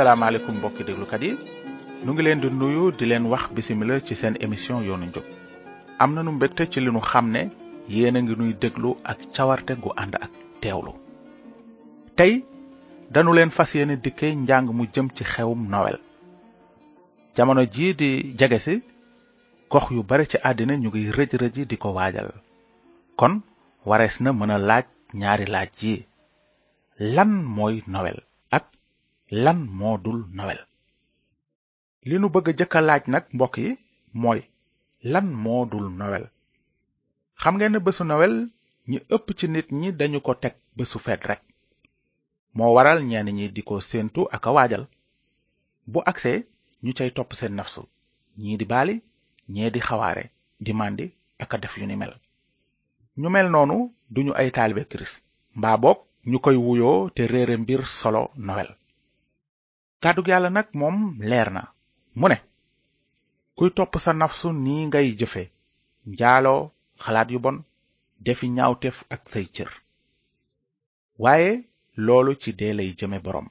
asalaamaaleykum mbokki déglukat yi nu ngi leen di nuyu di leen wax bisimila ci seen émission yoonu njub am na nu mbégte ci li nu xam ne yéen a ngi nuy déglu ak cawarte gu ànd ak teewlu tey danu leen fas yéene dikke njàng mu jëm ci xewum nowel jamono jii di jege si gox yu bare ci àddina ñu ngi rëj rëji di ko waajal kon warees na mën a laaj ñaari laaj yi lan mooy nowel lan moo dul nowel li nu bëgg a jëkk a laaj nag mbokk yi mooy lan moo dul nowel xam ngeen ne bésu nowel ñi ëpp ci nit ñi dañu ko teg bésu feet rek moo waral ñenn ñi di ko séentu ak a waajal bu agsee ñu cay topp seen nafsu ñii di baali ñee di xawaare di màndi ak a def yu ni mel ñu mel noonu duñu ay taalibe kirist mbaa boog ñu koy wuyoo te réere mbir solo nowel kàddug yàlla nag moom leer na mu ne kuy topp sa nafsu nii ngay jëfe njaaloo xalaat yu bon defi ñaawteef ak say cër waaye loolu ci dee jëme boroom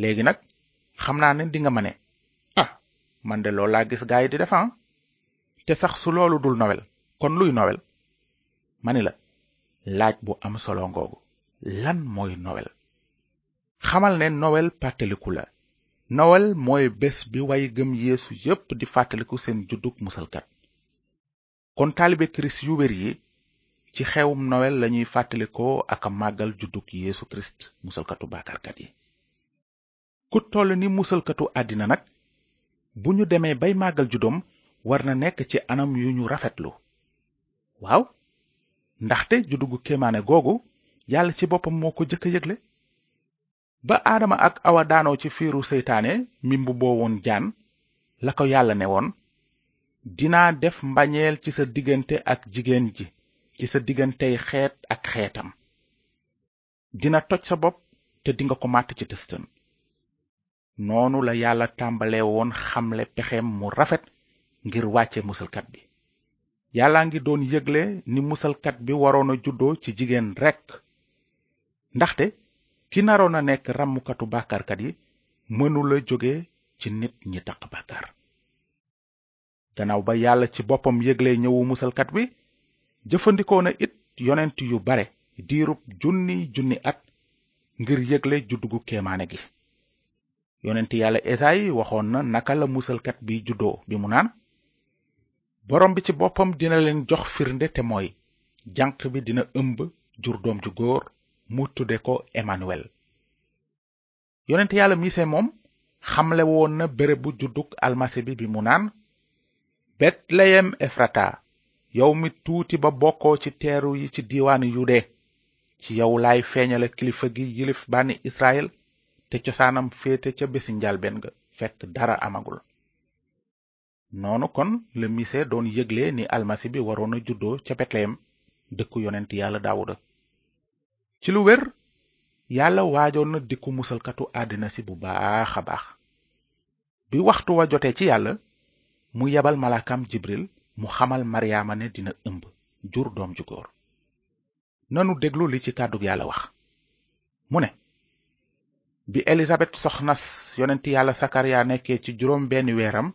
léegi nag xam naa ne dinga ma ne ah man de loolu laa gis gaa yi di def ah. te sax su loolu dul nowel kon luy nowel ma ni la laaj bu am solo ngoogu lan mooy nowel xamal ne nowel pàttaliku la nowel mooy bés bi way gëm yéesu yépp di fàttaliku seen juddug musalkat kon taalibe kirist yu wér yi ci xewum nowel lañuy fàttalikoo ak a màggal juddug yeesu kirist musalkatu bàkkaarkat yi ku toll ni musalkatu àddina nag bu ñu demee bay màggal juddoom war na nekk ci anam yu ñu rafetlu waaw ndaxte juddugu kéemaane googu yàlla ci boppam moo ko jëkk a yëgle ba aadama ak awa ci fiiru seytaane mi mbubboo woon jaan la ko yàlla ne woon dinaa def mbañeel ci sa diggante ak jigéen ji ci sa diggantey xeet ak xeetam dina toj sa bopp te dinga ko màtt ci tëstën noonu la yàlla tàmbale woon xamle pexeem mu rafet ngir wàcce musalkat bi yàlla ngi doon yëgle ni musalkat bi waroon a juddoo ci jigéen rekk ndaxte ki naroon a nekk ràmmkatu bàkkaarkat yi mënula jóge ci nit ñi taq bàkkaar gannaaw ba yàlla ci boppam yëgle ñëwu musalkat bi jëfandikoo na it yonent yu bare diirub junni junni at ngir yëgle juddugu kemaane gi yonent yàlla esaay waxoon na naka la musalkat bi juddoo bi mu naan borom bi ci boppam dina leen jox firnde te mooy janq bi dina ëmb jur doom ju góor mu tudde ko Emmanuel yonent yàlla mise moom xamle woon na bérébu juddug almasi bi bi mu naan betleyem efrata yow mi tuuti ba bokkoo ci teeru yi ci diiwaanu yude ci yow laay feeñale kilifa gi yilif bànni israel te cosaanam féete ca bési njalbeen ga fekk dara amagul noonu kon la mise doon yëgle ni almasi bi waroon a juddoo ca betleyem dëkku yonent yàlla daawuda ci lu wér yàlla waajoon na dikku musalkatu àddina si bu baax a baax bi waxtu wa jotee ci yàlla mu yebal malakam jibril mu xamal maryaama ne dina ëmb jur doom ju góor nanu déglu li ci kàddug yàlla wax mu ne bi elisabet soxnas yonent yàlla sakariya nekkee ci juróom benn weeram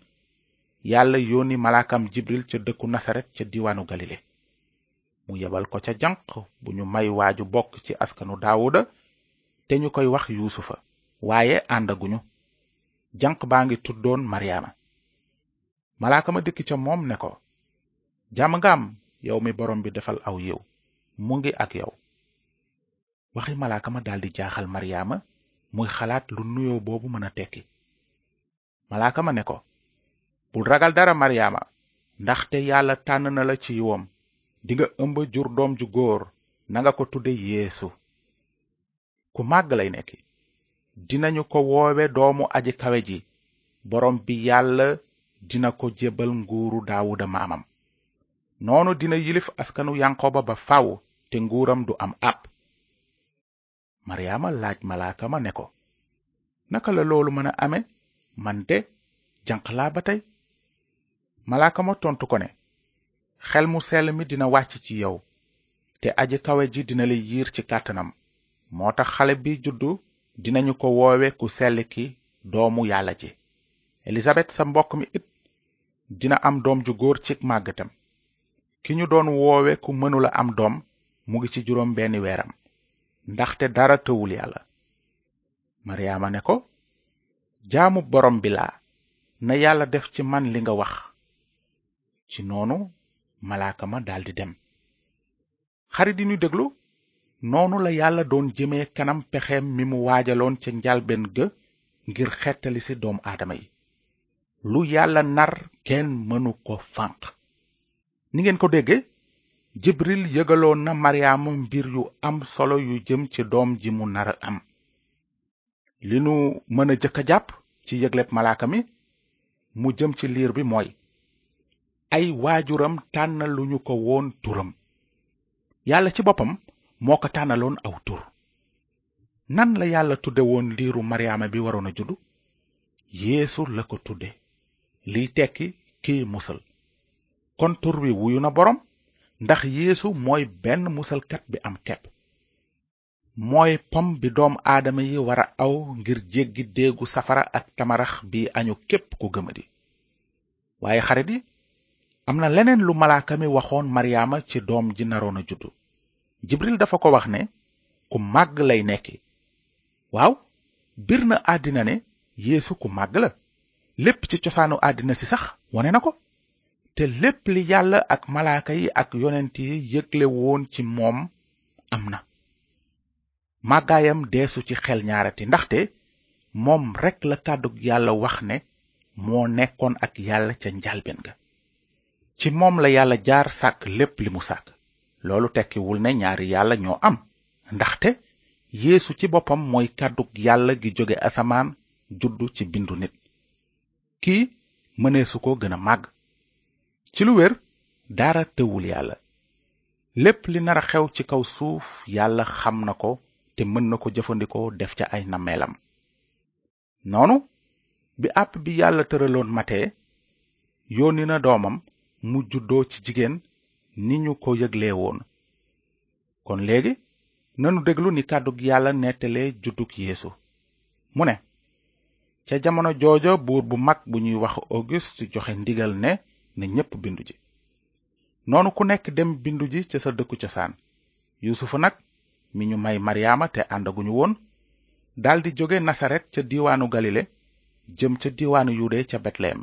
yàlla yónni malaakam jibril ca dëkku nasaret ca diwaanu galile mu yebal ko ca janq bu ñu may waaju bokk ci askanu daawuda te ñu koy wax yuusufa waaye àndaguñu janq baa ngi tuddoon maryaama malaaka ma dikk ca moom ne ko jàmm nga yow mi boroom bi defal aw yiw mu ngi ak yow waxi malaaka ma daldi jaaxal maryaama muy xalaat lu nuyoo boobu mën a tekki malaaka ne ko bul ragal dara maryaama ndaxte yàlla tànn na la ci woom dinga ëmb jur doom ju góor nanga ko tudde yéesu ku màgg lay nekk dinañu ko woowe doomu aji kawe ji boroom bi yàlla dina ko jébbal nguuru daawuda maamam noonu dina yilif askanu yankoba ba faw te nguuram du am ab maryaama laaj malaaka ma ne ko naka la loolu mën a ame man de janq laa ba tey malaakama tontu ko ne xel mu sell mi dina wàcc ci yow te aji kawe ji dina la yiir ci kàttanam moo tax xale bi juddu dinañu ko woowe ku sell ki doomu yàlla ji elisabet sa mbokk mi it dina am doom ju góor ci màggatam ki ñu doon woowe ku mënula am doom mu ngi ci juróom benn weeram ndaxte dara tëwul yàlla maryaama ne ko jaamu borom bi laa na yàlla def ci man li nga wax ci noonu malaaka daldi dem xarit yi ñu déglu noonu la yàlla doon jëme kanam pexeem mi mu waajaloon ca njalben ga ngir xettali ci doom aadama yi lu yàlla nar kenn mënu ko fànq ni ngeen ko dégge jibril yëgaloon na maryaama mbir yu am solo yu jëm ci doom ji mu nar am li nu mën a jëkk a jàpp ci yëgleb malaaka mi mu jëm ci liir bi mooy ay waajuram tànnaluñu ko woon turam yàlla ci boppam moo ko tànnaloon aw tur nan la yàlla tudde woon liiru maryaama bi waroon a juddu yéesu la ko tudde liy tekki kiy musal kon tur wi wuyu na borom ndax yéesu mooy benn musalkat bi am kepp mooy pom bi doom aadama yi wara aw ngir jéggi déegu safara ak tamarax bi añu képp ku gëmadi waaye xarit yi am na leneen lu malaaka mi waxoon maryaama ci doom ji naroon a juddu jibril dafa ko wax ne ku màgg lay nekki waaw bir na àddina ne yeesu ku màgg la lépp ci cosaanu àddina si sax wone na ko te lépp li yàlla ak malaaka yi ak yonent yi yëgle ci moom am na màggaayam deesu ci xel ñaarati ndaxte moom rekk la kàddug yàlla wax ne moo nekkoon ak yàlla ca njalbeen ga ci moom la yàlla jaar sàkk lépp li mu sàkk loolu tekkiwul ne ñaari yàlla ñoo am ndaxte yéesu ci boppam mooy kàddug yàlla gi jóge asamaan juddu ci bindu nit kii mëneesu ko gën a màgg ci lu wér dara tëwul yàlla lépp li nar a xew ci kaw suuf yàlla xam na ko te mën na ko jëfandikoo def ca ay nameelam noonu bi àpp bi yàlla tëraloon matee yónni doomam mu juddoo ci jigéen ni ñu ko yëgle woon kon léegi nanu déglu ni kàddug yàlla nettalee juddug yéesu mu ne ca jamono jooja buur bu mag bu ñuy wax auguste joxe ndigal ne na ñépp bindu ji noonu ku nekk dem bindu ji ca sa dëkku cosaan yuusufa nag mi ñu may maryaama te àndaguñu woon daldi jóge nasaret ca diiwaanu galile jëm ca diiwaanu yude ca betlehem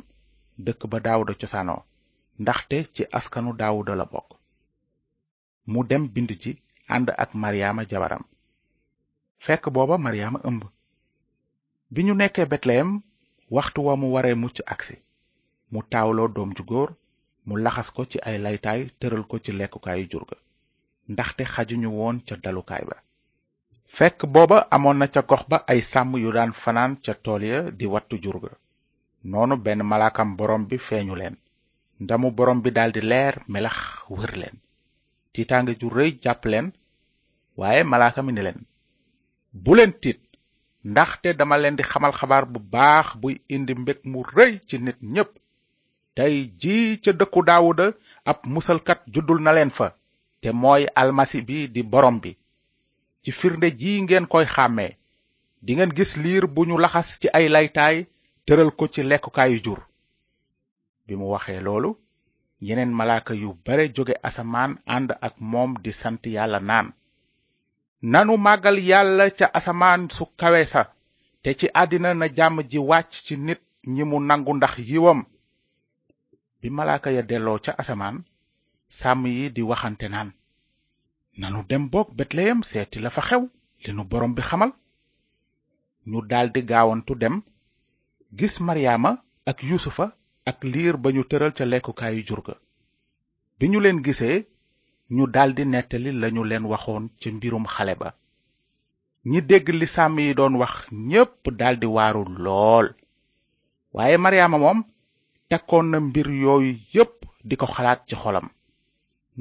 dëkk ba daawuda cosaanoo ndaxte ci askanu daawuda la bokk mu dem bind ji ànd ak maryaama jabaram fekk booba maryaama ëmb bi ñu nekkee betleyem waxtu wa mu waree mucc agsi mu taawloo doom ju góor mu laxas ko ci ay laytaay tëral ko ci lekkukaayu jur ga ndaxte xajuñu woon ca dalukaay ba fekk booba amoon na ca gox ba ay sàmm yu daan fanaan ca tool ya di wattu jur ga noonu benn malaakam borom bi feeñu leen ndamu borom bi daldi leer melax wër leen tiitaange ju rëy jàpp leen waaye malaaka mi ne leen bu leen tiit ndaxte dama leen di xamal xabaar bu baax buy indi mbég mu rëy ci nit ñépp tey jii ca dëkku daawuda ab musalkat juddul na leen fa te mooy almasi bi di borom bi ci firnde ji ngeen koy xàmmee dingeen gis liir bu ñu laxas ci ay laytaay tëral ko ci lekkukaayu jur bi mu waxee loolu yeneen malaaka yu bare jóge asamaan ànd ak moom di sant yàlla naan nanu màggal yàlla ca asamaan su kawe sa te ci àddina na jàmm ji wàcc ci nit ñi mu nangu ndax yiwam bi malaaka ya delloo ca asamaan sàmm yi di waxante naan nanu dem boog betleyem seeti la fa xew li borom bi xamal ñu daldi gaawantu dem gis maryaama ak yusufa ak liir ba ñu tëral ca lekkukaayu jur ga bi ñu leen gisee ñu daldi nettali lañu leen waxoon ca mbirum xale ba ñi dégg li sàmm yi doon wax ñépp daldi waaru lool waaye maryaama moom tekkoon na mbir yooyu yépp di ko xalaat ci xolam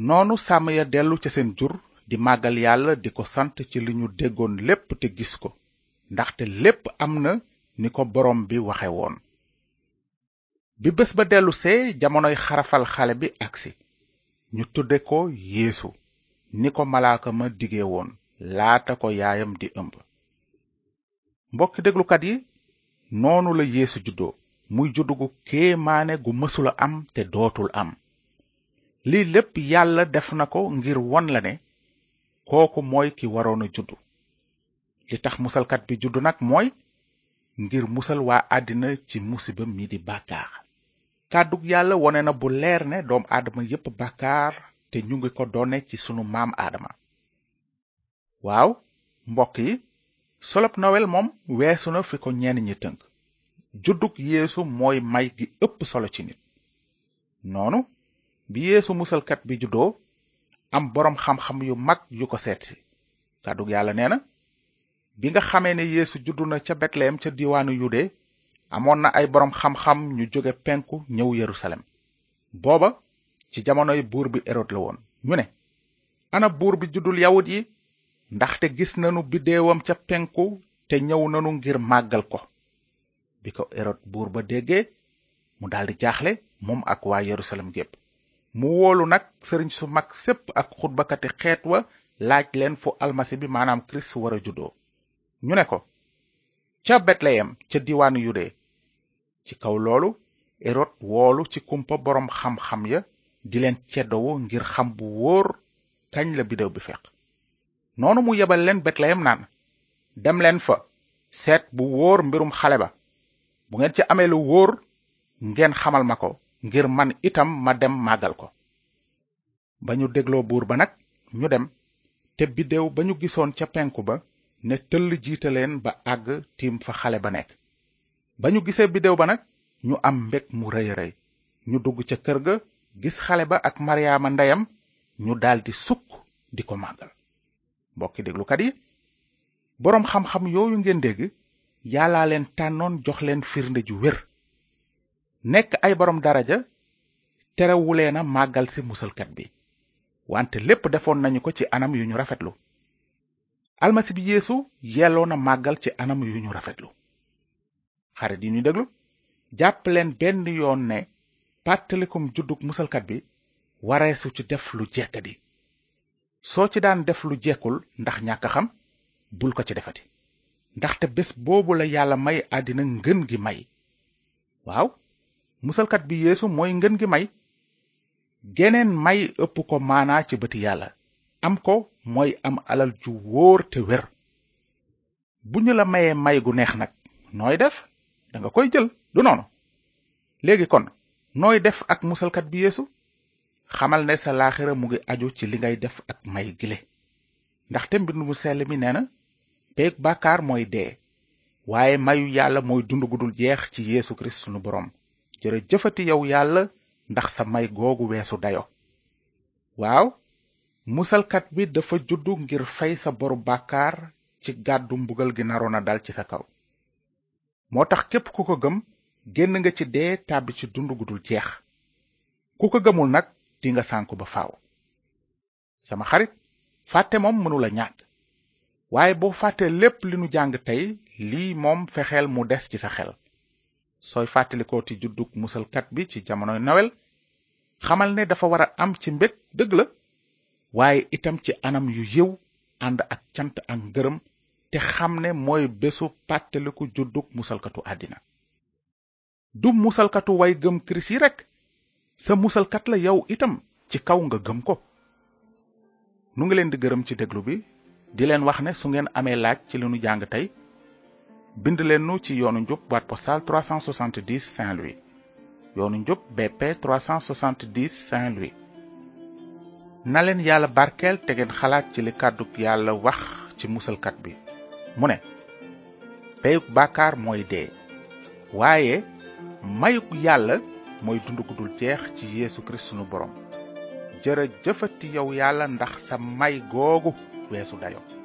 noonu sàmm ya dellu ca seen jur di màggal yàlla di ko sant ci li ñu déggoon lépp te gis ko ndaxte lépp am na ni ko borom bi waxe woon bi bés ba dellusee jamonoy xarafal xale bi agsi ñu tudde ko yéesu ni ko malaaka ma dige woon laata ko yaayam di ëmb mbokki déglukat yi noonu la yeesu juddoo muy juddu gu kéemaane gu mësula am te dootul am lii lépp yàlla def na ko ngir won la ne kooku mooy ki waroon a juddu li tax musalkat bi juddu nag mooy ngir musal waa àddina ci musiba yi di bàkkaar kàddug yàlla wone na bu leer ne doom aadama yépp bàkkaar te ñu ngi ko doone ci sunu maam aadama waaw mbokk yi solop nowel moom weesu na fi ko ñenn ñi tënk juddug yeesu mooy may gi ëpp solo ci nit noonu bi yeesu musalkat bi juddoo am boroom xam-xam yu mag yu ko seetsi kàddug yàlla nee na bi nga xamee ne yéesu juddu na ca betlehem ca diwaanu yude amoon na ay boroom xam-xam ñu jóge penku ñëw yerusalem booba ci jamonoy buur bi erod la woon ñu ne ana buur bi juddul yawut yi ndaxte gis nanu biddeewam ca penku te ñëw nanu ngir màggal ko bi ko erod buur ba déggee mu daldi jaaxle moom ak waa yerusalem gépp mu woolu nag sëriñ su mag sépp ak xutbakati xeet wa laaj leen fu almasi bi maanaam kirist wara juddoo ñu ne ko ca betleyem ca diwaanu yude ci kaw loolu erod woolu ci kumpa boroom xam-xam ya di leen ceddowu ngir xam bu wóor kañ la biddew bi feq noonu mu yebal leen betleyem naan dem leen fa seet bu wóor mbirum xale ba bu ngeen ci ameelu wóor ngeen xamal ma ko ngir man itam ma dem màggal ko ba ñu dégloo buur ba nag ñu dem te biddew ba ñu gisoon ca penku ba ne tëll jiitaleen ba àgg tiim fa xale ba nekk ba ñu gisee biddéew ba nag ñu am mbég mu rëy rëy ñu dugg ca kër ga gis xale ba ak maryaama ndeyam ñu daldi sukk di ko màggal mbokki déglukat yi boroom xam-xam yooyu ngeen dégg yàllaa leen tànnoon jox leen firnde ju wér nekk ay boroom daraja terewuleena màggal si musalkat bi wante lépp defoon nañu ko ci anam yu ñu rafetlu almasi bi yeesu yelloo na màggal ci anam yu ñu rafetlu xarit yi ñuy déglu jàppaleen benn yoon ne pàttalikum juddug musalkat bi wareesu ci def lu di soo ci daan def lu jekkul ndax ñàkk xam bul ko ci defati ndaxte bés boobu la yàlla may àddina ngën gi may waaw musalkat bi yéesu mooy ngën gi may geneen may ëpp ko maanaa ci bëti yàlla am ko mooy am alal ju wóor te wér bu ñu la mayee may gu neex nag nooy def da koy jël du noonu léegi kon nooy def ak musalkat bi yéesu xamal ne sa laaxira mu ngi aju ci li ngay def ak may gile ndaxte mbind mu sell mi nee na peeg bàkkaar mooy dee waaye mayu yàlla mooy dund gu dul jeex ci yéesu kirist sunu borom jërë jëfati yow yàlla ndax sa may googu weesu dayo waaw musalkat bi dafa juddu ngir fay sa boru bàkkaar ci gàddu mbugal gi naroon a dal ci sa kaw moo tax képp ku ko gëm génn nga ci dee tàbbi ci dund gudul jeex ku ko gëmul nag di nga sànku ba faaw sama xarit fàtte moom mënula ñàkk waaye boo fàttee lépp li nu jàng tey lii moom fexeel mu des ci sa xel sooy fàttalikooti juddug musalkat bi ci jamonoy nawel xamal ne dafa war a am ci mbég dëgg la waaye itam ci anam yu yiw ànd ak cant ak ngërëm te xam ne mooy bésu pàttaliku juddug musalkatu àddina du musalkatu way gëm kirist yi rekk sa musalkat la yow itam ci kaw nga gëm ko nu ngi leen di gërëm ci déglu bi di leen wax ne su ngeen amee laaj ci li nu jàng tey bind leen nu ci yoonu njub boîte postale 370 Saint-Louis yoonu njub BP 370 Saint-Louis na leen yàlla barkeel te ngeen xalaat ci li kàddug yàlla wax ci musalkat bi mu ne peyug bàkkaar mooy dee waaye mayug yàlla mooy dund gu dul jeex ci yeesu kirist sunu borom jëfati yow yàlla ndax sa may googu weesu dayo